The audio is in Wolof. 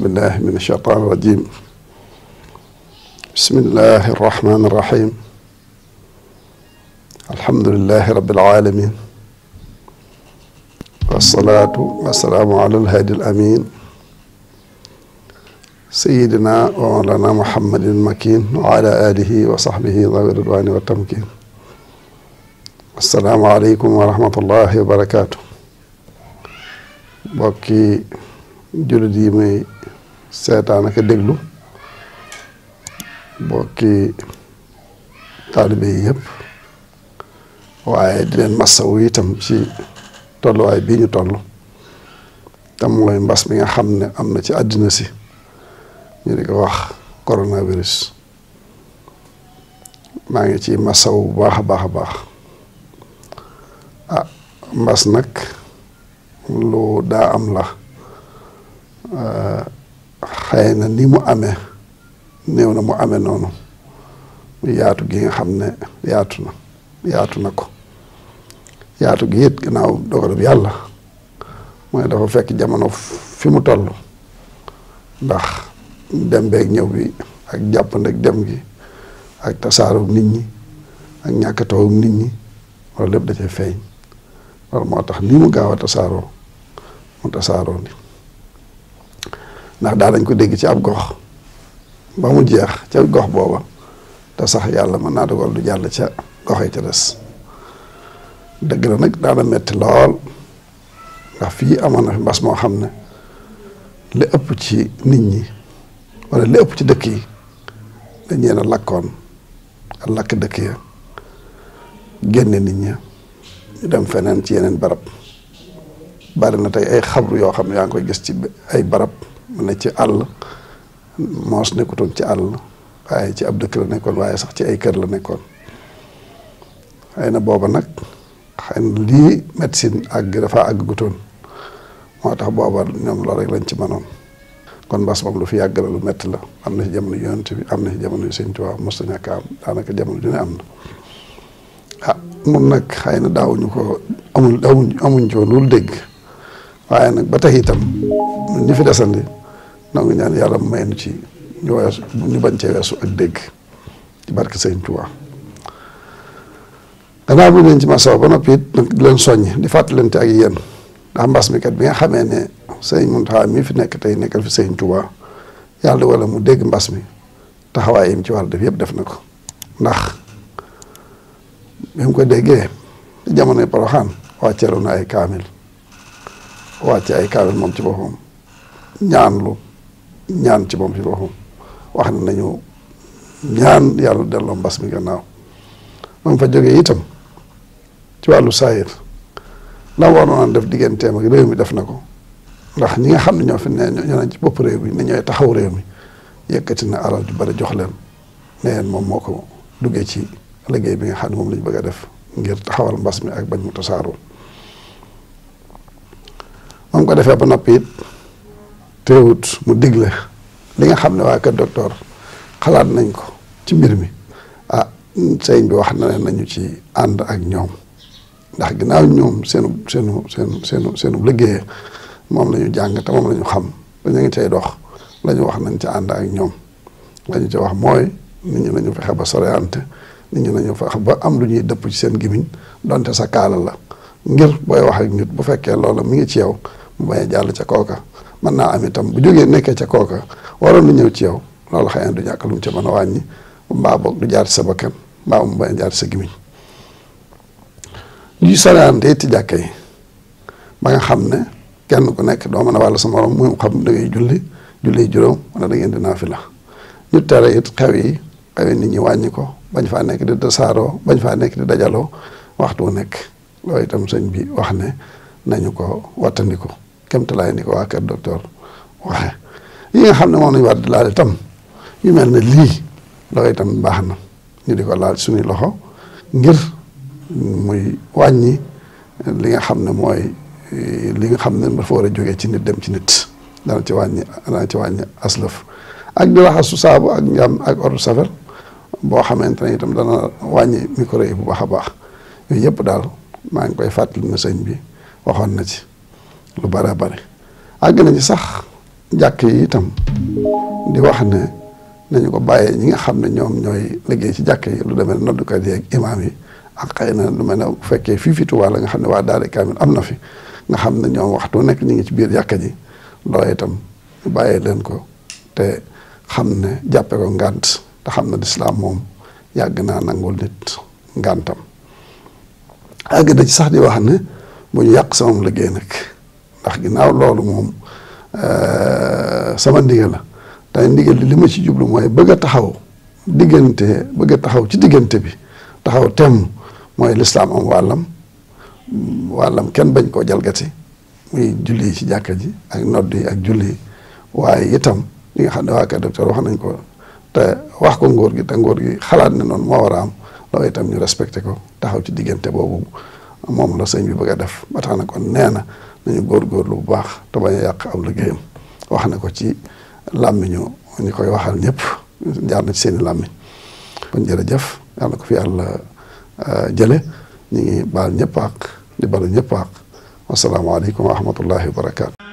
بسم الله من الشيطان الرجيم بسم الله الرحمن الرحيم الحمد لله رب العالمين والصلاة والسلام على الهادي الأمين سيدنا ومولانا محمد المكين وعلى آله وصحبه ذوي الرضوان والتمكين السلام عليكم ورحمة الله وبركاته بكي jullit yi muy seetaan ak déglu bokki taalibe yi yëpp waaye di leen yi tam ci tolluwaay bii ñu toll te mooy mbas mi nga xam ne am na ci àddina si ñu di ko wax coronavirus maa ngi ci masawu bu baax a baax a baax ah mbas nag lu daa am la xëy na ni mu amee néew na mu amee noonu yaatu gi nga xam ne yaatu na yaatu na ko yaatu gi it gannaaw dogalub yàlla mooy dafa fekk jamono fi mu toll ndax dem beeg ñëw bi ak jàppandeg dem gi ak tasaaru nit ñi ak ñàkk nit ñi loolu lépp da cee feeñ loolu moo tax ni mu gaaw a tasaaroo mu tasaaroo ni ndax da dañ ko dégg ci ab gox ba mu jeex ca gox booba te sax yàlla mën naa dogal du jàll ca goxe yi ca des dëgg la nag daana metti lool ndax fii amoon na fi mbas moo xam ne li ëpp ci nit ñi wala li ëpp ci dëkk yi dañ leen a lakkoon lakk dëkk ya génne nit ñi ñu dem feneen ci yeneen barab bari na tey ay xabru yoo xam ne yaa ngi koy gis ci ay barab mu ne ci àll moos nekkutoon ci àll waaye ci ab dëkk la nekkoon waaye sax ci ay kër la nekkoon xëy na booba nag xëy na lii médecine àgg dafa àggutoon moo tax booba ñoom loolu rek lañ ci mënoon kon mbas moom lu fi yàgg la lu métti la am na ci jamono yonent bi am na ci jamono yu Sëñ Tuubaa mos ñàkk am daanaka jamono ju ne am na ah moom nag xëy na daawuñu ko amul daawuñ amuñ ci woon loolu dégg waaye nag ba tey itam ñi fi desandi nangu ñaan yàlla may nu ci ñu bañ cee wesu ak dégg ci barke Sëñ Tuubaa gannaaw bi leen ci ma masaw ba noppi it nag di leen soññ di fàttalante ak yéen ndax mbas mi kat bi nga xamee ne sëñ Muntaxa mi fi nekk tey nekkal fi Sëñ Tuubaa yàlla wala mu dégg mbas mi taxawaay yim ci war def yëpp def na ko ndax bi mu ko déggee jamonoy Poroxaan wàcceeru na ay kaamil ci ay kaamil moom ci boppam ñaanlu ñaan ci moom ci boppam wax na nañu ñaan yàlla delloo mbas mi naaw moom fa jógee itam ci wàllu saayir na waroon def digganteem ak réew mi def na ko ndax ñi nga xam ne ñoo fi ne ñoo nañ ci bopp réew mi ne ñooy taxaw réew mi yëkkati na alal ju bari jox leen ne moom moo ko duggee ci liggéey bi nga xam ne moom lañ bëgg a def ngir taxawal mbas mi ak bañ mu tasaaroo mu ko defee ba nopp yit teewut mu digle li nga xam ne waa kër docteur xalaat nañ ko ci mbir mi ah sëñ bi wax na ne nañu ci ànd ak ñoom ndax ginnaaw ñoom seenu seenu seenu seenu seenu liggéey moom la ñu jàng te moom la ñu xam dañu ngi cay dox lañu wax nañ ci ànd ak ñoom la ñu ci wax mooy nit ñi nañu fexe ba soriante nit ñi nañu fexe ba am lu ñuy dëpp ci seen gimiñ donte sa kaala la ngir booy wax ak nit bu fekkee loola mi ngi ci yow mu bañ a jàll ca kooka mën naa am itam bu jógee nekkee ca kooka waroon na ñëw ci yow loolu xëy na du ñàkk lu mu ca mën a wàññi mbaa boog du jaar sa bakkan mbaa mu bañ a jaar sa gimiñ yu soriante ci jàkka yi ba nga xam ne kenn ku nekk doo mën a wàll sa morom mu xam da ngay julli julli juróom wala da ñu tere it xew yi nit ñi wàññi ko bañ faa nekk di bañ faa nekk di dajaloo waxtu nekk loolu itam sëñ bi wax ne nañu ko wattandiku. kemtalaay ni ko waa kër docteur waxe yi nga xam ne moom lañu war di laal tam yu mel na lii loolu itam baax na ñu di ko laal suñuy loxo ngir muy wàññi li nga xam ne mooy eh, li nga xam ne dafa war a jógee ci nit dem ci nit dana ci wàññi dana ci wàññi aslëf ak di raxasu saabu ak njàm ak odu safel boo xamante ne itam dana wàññi micro yi bu baax a baax yooyu yëpp daal maa ngi koy fàttali na sëñ bi waxoon na ci lu bare bare àgg ci sax jàkk yi itam di wax ne nañu ko bàyyee ñi nga xam ne ñoom ñooy liggéey ci jàkk yi lu demee ne noddukat yi ak imaam yi ak xëy na lu mel ne bu fekkee fii fii Tuubaa la nga xam ne waa daara kaamil am na fi nga xam ne ñoom waxtu nekk ñu ngi ci biir jàkka ji looy itam ñu bàyyee leen ko te xam ne jàppe ko ngànt te xam ne lislaam moom yàgg naa nangul nit ngàntam àgg na ci sax di wax ne bu ñu yàq sama liggéey nag ndax ginnaaw loolu moom euh, sama ndigal la te ndigal li ma ci jublu mooy bëgg a taxaw diggante bëgg a taxaw ci diggante bi taxaw temm mooy lislaam am wàllam wàllam kenn bañ koo jalgati muy julli yi ci jàkka ji ak nodd yi ak julli yi waaye itam li nga xam ne waa kër docteur wax nañ ko te wax ko ngóor gi te ngóor gi xalaat ne noonu moo war a am loolu itam ñu respecté ko taxaw ci diggante boobu moom la sëñ bi bëgg a def ba tax na kon nee na nañu góorgóorlu bu baax te a yàq ab liggéeyam wax na ko ci làmmiñu ñu koy waxal ñëpp jaar na ci seen i làmmiñ kon jërëjëf ko fi yàlla euh, jële ñu ngi baal ñëpp ak di balu ñëpp ak wasalaamaaleykum wa rahmatullahi wa barakaatu